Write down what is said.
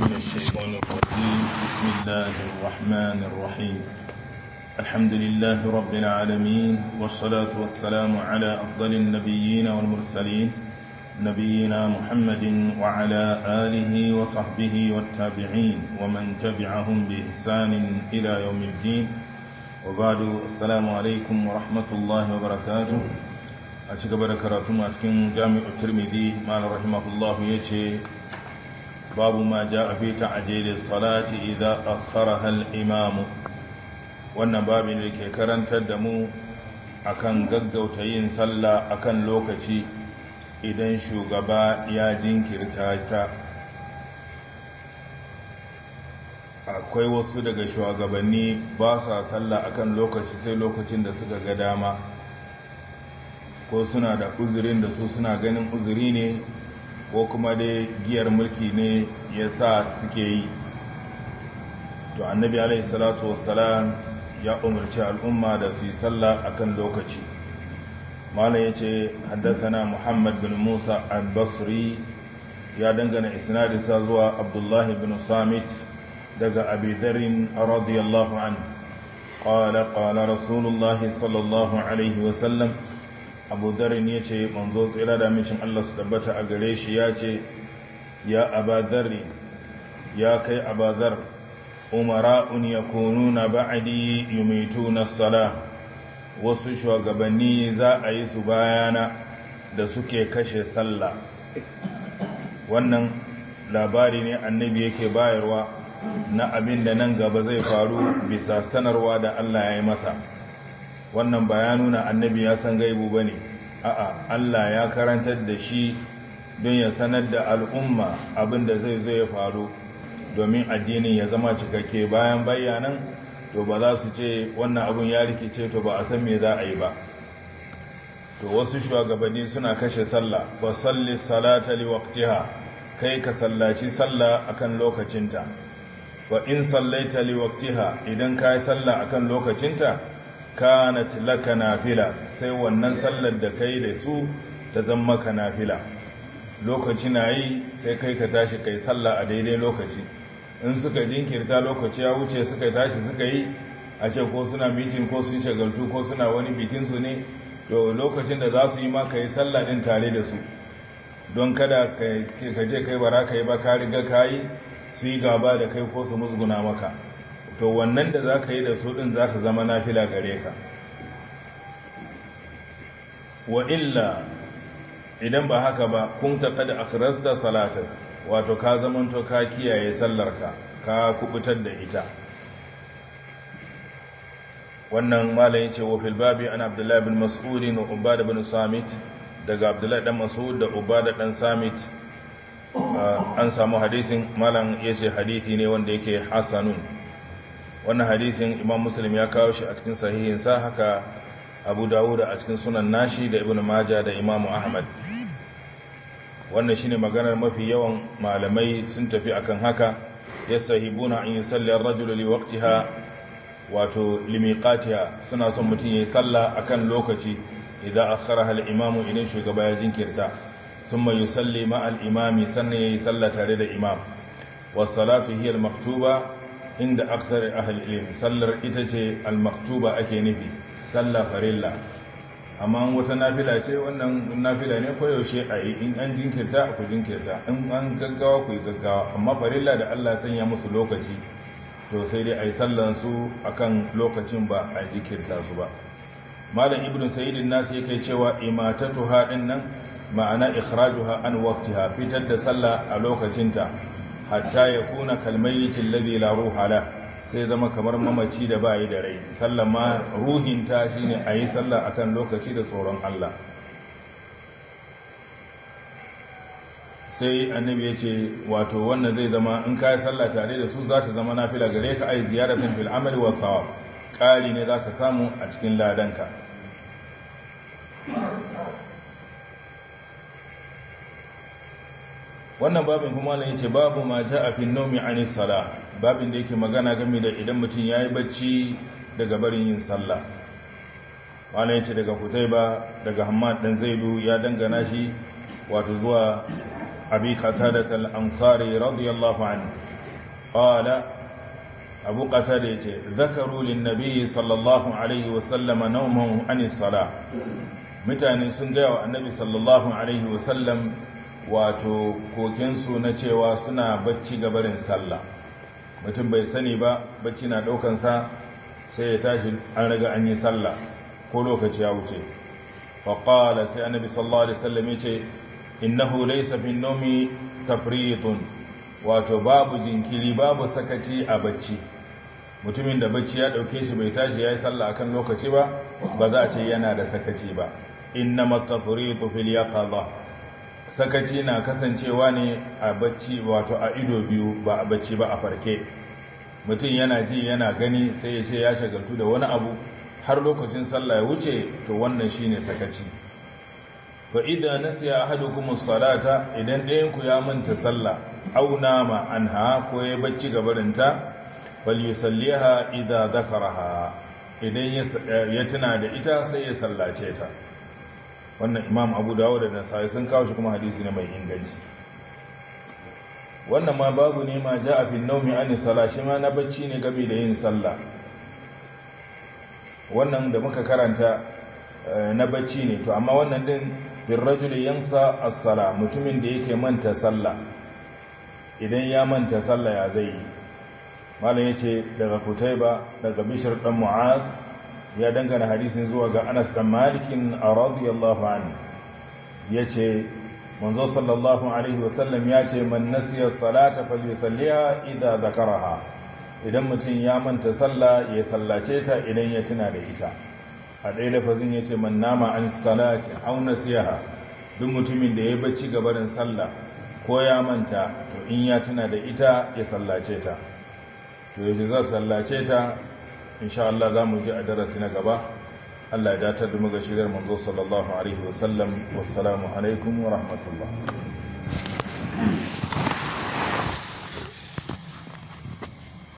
من الشيطان الرجيم بسم الله الرحمن الرحيم الحمد لله رب العالمين والصلاة والسلام على أفضل النبيين والمرسلين نبينا محمد وعلى آله وصحبه والتابعين ومن تبعهم بإحسان إلى يوم الدين وبعد السلام عليكم ورحمة الله وبركاته a ci gaba da karatu a cikin jami'ar turmidi باب ما جاء في تعجيل الصلاة إذا أخرها الإمام wannan babu ne ke karantar da mu akan gaggauta yin sallah akan lokaci idan shugaba ya jinkirta ta akwai wasu daga shugabanni ba sa sallah akan lokaci sai lokacin da suka ga dama ko suna da uzurin da su suna ganin uziri ne ko kuma dai giyar mulki ne ya sa suke yi to annabi alaihi salatu wassalam ya umarci al'umma da su yi sallah akan lokaci mana ya ce na muhammad bin musa al-basri ya dangana isnadisa zuwa abdullahi bin samit daga abidarin radiyallahu an قال قال رسول الله sallallahu الله abu darin ya ce manzo tsira da mincin allah su tabbata a gare shi ya ce ya abadari ya kai abadar umara'un ya kunu na ba'adi yumitu na sala wasu shugabanni za a yi su bayana da suke kashe sallah wannan labari ne annabi yake bayarwa na abin da nan gaba zai faru bisa sanarwa da allah ya yi masa wannan ba ya nuna annabi ya san gaibu ba ne a'a Allah ya karantar da shi don ya sanar da al'umma abin da zai zo ya faru domin addinin ya zama cikakke bayan bayanan to ba za su ce wannan abin ya rikice to ba a san me za a yi ba to wasu shugabanni suna kashe sallah fa salli salata li waqtiha kai ka sallaci sallah akan lokacinta wa in sallaita li waqtiha idan ka yi sallah akan lokacinta kanat laka nafila sai wannan sallar da kai da su ta zama ka nafila lokaci na yi sai kai ka tashi kai sallah a daidai lokaci in suka jinkirta lokaci ya wuce suka tashi suka yi a ce ko suna mitin ko sun shagaltu ko suna wani bikinsu ne to lokacin da za su yi ma ka yi sallah din tare da su don kada ka je kai bara ka yi ba ka riga ka yi su yi gaba da kai ko su musguna maka to wannan da za ka yi da su ɗin za ta zama na fila gare ka wa illa idan ba haka ba kun taɓa da akirasta salatar wato ka zamanto ka kiyaye sallarka ka kubutar da ita wannan malayin ce wa filbabi an abdullahi bin mas'udi na Uba da Bani samit daga abdullahi dan mas'ud da Uba da dan samit ah, an samu hadisin malam ya ce hadithi ne wanda yake hasanun wannan hadisin imam muslim ya kawo shi a cikin sahihinsa haka abu dawud a cikin sunan nashi da ibn maja da imamu ahmad wannan shine maganar mafi yawan malamai sun tafi akan haka yastahibuna an yusalli ar-rajulu liwaqtiha wato limiqatiha suna son mutum ya yayi sallah akan lokaci idan akharaha al-imamu idan shugaba ya jinkirta thumma yusalli ma al-imami sannan ya yi sallah tare da imam was salatu hiya maktuba inda aksar ahal ilim sallar ita ce almaktuba ake nufi sallah farilla amma wata nafila ce wannan nafila ne koyaushe a yi in an jinkirta ku jinkirta in an gaggawa ku yi gaggawa amma farilla da allah sanya musu lokaci to sai dai a yi sallansu a kan lokacin ba a jikirta su ba malam ibn sayidin nasu yake cewa imatatu haɗin nan ma'ana ikhrajuha an waqtiha fitar da sallah a lokacinta hatta ya kuna kalmayitin ladhi la sai zama kamar mamaci da bayi da rai sallah ma ruhin ne shine yi sallah akan lokaci da tsoron Allah sai annabi ya ce wato wannan zai zama in ka yi sallah tare da su za ta zama nafila gare ka ai ziyarar fil amali wa ƙari ne za ka samu a cikin ladanka wannan babin kuma ne yace babu ma a fi nawmi anis sala babin da yake magana game da idan mutum yayi bacci daga barin yin sallah malam yace daga ba daga hamad ɗan zaidu ya dangana shi wato zuwa abi qatada al-ansari radiyallahu anhu qala abu qatada yace zakaru lin-nabi sallallahu alaihi wa sallam a anis sala mutane sun ga wa annabi sallallahu alaihi wa sallam wato kokinsu na cewa suna bacci gabarin sallah mutum bai sani ba bacci na ɗaukansa sai ya tashi an raga an yi sallah ko lokaci ya wuce faƙala sai annabi sallallahu alaihi wasallam ya ce innahu laysa fi nomi tafritun wato babu jinkiri babu sakaci a bacci mutumin da bacci ya ɗauke shi bai tashi ya yi sallah akan lokaci ba ba za a ce yana da sakaci ba innamat tafritu fil yaqadha sakaci na kasancewa ne a bacci wato a ido biyu ba a bacci ba a farke mutum yana ji yana gani sai ya ce ya shagaltu da wani abu har lokacin sallah ya wuce to wannan shine sakaci fa idza nasiya ahadukum as-salata idan ɗayan ku ya manta sallah aw nama anha ko ya bacci gabarinta fal yusalliha idza dhakaraha idan ya tuna da ita sai ya sallace ta wannan imam abu dawo da nasari sun kawo shi kuma hadisi ne mai inganci wannan ma babu ne ma ja a fin naumi an sala shi ma na bacci ne game da yin sallah wannan da muka karanta eh, na bacci ne to amma wannan din firrajuli yansa asala mutumin da yake manta sallah idan ya manta sallah ya zai yi malam ce daga kutaiba daga bishir dan mu'ad ya dangana hadisin zuwa ga anas da malikin a radiyallahu an ya ce manzo sallallahu alaihi wasallam ya ce man nasiya salata falyusalliha idza zakaraha idan mutum ya manta sallah ya sallace ta idan ya tuna da ita a ɗaya lafazin ya ce man nama an salati aw nasiyaha duk mutumin da ya bacci gabarin salla ko ya manta to in ya tuna da ita ya sallace ta to yaje za sallace ta insha Allah za mu ji a darasi na gaba Allah ya datar da mu ga shirin manzo sallallahu alaihi wasallam wassalamu alaikum wa rahmatullah